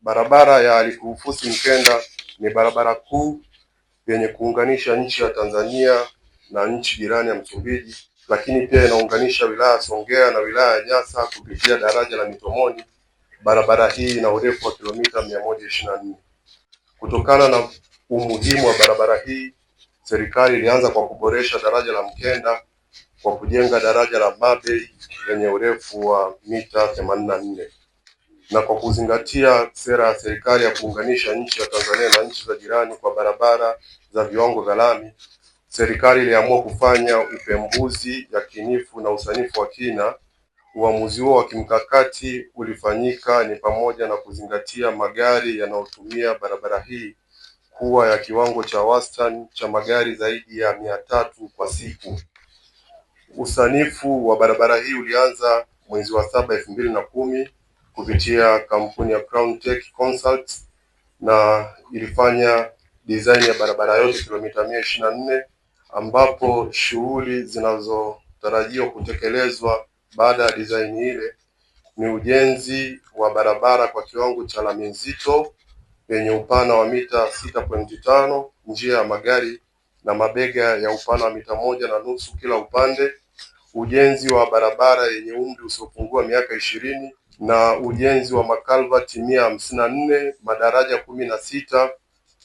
Barabara ya Alikuufuti Mkenda ni barabara kuu yenye kuunganisha nchi ya Tanzania na nchi jirani ya Msumbiji, lakini pia inaunganisha wilaya ya Songea na wilaya ya Nyasa kupitia daraja la Mitomoni. Barabara hii ina urefu wa kilomita mia moja nne. Kutokana na umuhimu wa barabara hii, serikali ilianza kwa kuboresha daraja la Mkenda kwa kujenga daraja la mabe lenye urefu wa mita 84 na kwa kuzingatia sera ya serikali ya kuunganisha nchi ya Tanzania na nchi za jirani kwa barabara za viwango vya lami, serikali iliamua kufanya upembuzi yakinifu na usanifu wa kina. Uamuzi huo wa kimkakati ulifanyika ni pamoja na kuzingatia magari yanayotumia barabara hii kuwa ya kiwango cha wastani cha magari zaidi ya mia tatu kwa siku. Usanifu wa barabara hii ulianza mwezi wa saba elfu mbili na kumi kupitia kampuni ya Crown Tech Consult na ilifanya design ya barabara yote kilomita mia ishirini na nne ambapo shughuli zinazotarajiwa kutekelezwa baada ya design ile ni ujenzi wa barabara kwa kiwango cha lami nzito yenye upana wa mita 6.5, njia ya magari na mabega ya upana wa mita moja na nusu kila upande, ujenzi wa barabara yenye umri usiopungua miaka ishirini na ujenzi wa makalvati mia hamsini na nne madaraja kumi na sita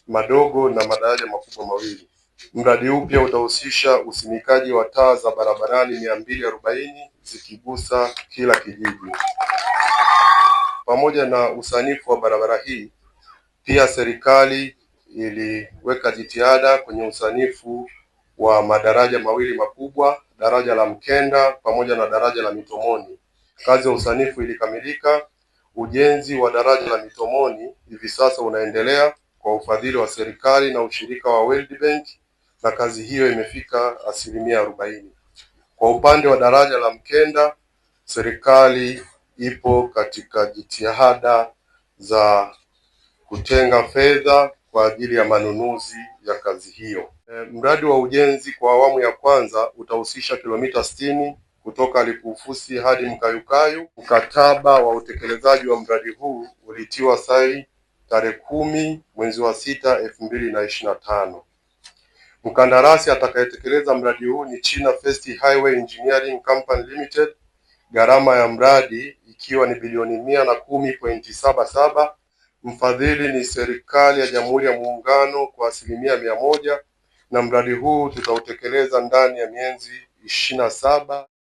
madogo na madaraja makubwa mawili. Mradi huu pia utahusisha usimikaji wa taa za barabarani mia mbili arobaini zikigusa kila kijiji. Pamoja na usanifu wa barabara hii, pia serikali iliweka jitihada kwenye usanifu wa madaraja mawili makubwa, daraja la Mkenda pamoja na daraja la Mitomoni Kazi ya usanifu ilikamilika. Ujenzi wa daraja la Mitomoni hivi sasa unaendelea kwa ufadhili wa serikali na ushirika wa World Bank na kazi hiyo imefika asilimia arobaini. Kwa upande wa daraja la Mkenda, serikali ipo katika jitihada za kutenga fedha kwa ajili ya manunuzi ya kazi hiyo. E, mradi wa ujenzi kwa awamu ya kwanza utahusisha kilomita sitini kutoka Likuufusi hadi Mkayukayu. Mkataba wa utekelezaji wa mradi huu ulitiwa sai tarehe kumi mwezi wa sita elfu mbili na ishirini na tano. Mkandarasi atakayetekeleza mradi huu ni China First Highway Engineering Company Limited, gharama ya mradi ikiwa ni bilioni mia na kumi pointi saba saba. Mfadhili ni serikali ya Jamhuri ya Muungano kwa asilimia mia moja na mradi huu tutautekeleza ndani ya miezi ishirini na saba.